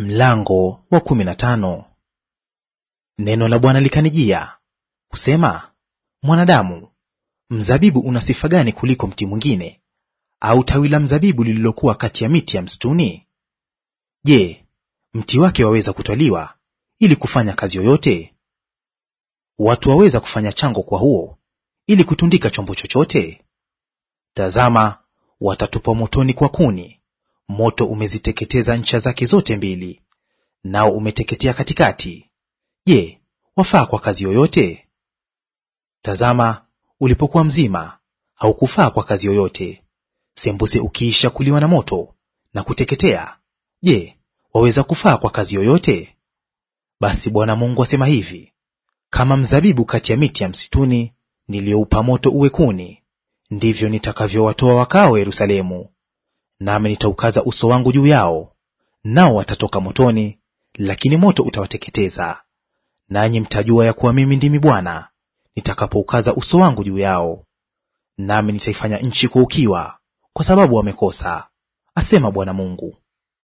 Mlango wa kumi na tano. Neno la Bwana likanijia kusema, mwanadamu, mzabibu una sifa gani kuliko mti mwingine, au tawi la mzabibu lililokuwa kati ya miti ya msituni? Je, mti wake waweza kutwaliwa ili kufanya kazi yoyote? Watu waweza kufanya chango kwa huo ili kutundika chombo chochote? Tazama, watatupa motoni kwa kuni, Moto umeziteketeza ncha zake zote mbili, nao umeteketea katikati. Je, wafaa kwa kazi yoyote? Tazama, ulipokuwa mzima haukufaa kwa kazi yoyote; sembuse ukiisha kuliwa na moto na kuteketea, je, waweza kufaa kwa kazi yoyote? Basi Bwana Mungu asema hivi: kama mzabibu kati ya miti ya msituni niliyoupa moto uwe kuni, ndivyo nitakavyowatoa wakao Yerusalemu nami nitaukaza uso wangu juu yao, nao watatoka motoni, lakini moto utawateketeza. Nanyi mtajua ya kuwa mimi ndimi Bwana nitakapoukaza uso wangu juu yao. Nami nitaifanya nchi kwa ukiwa, kwa sababu wamekosa, asema Bwana Mungu.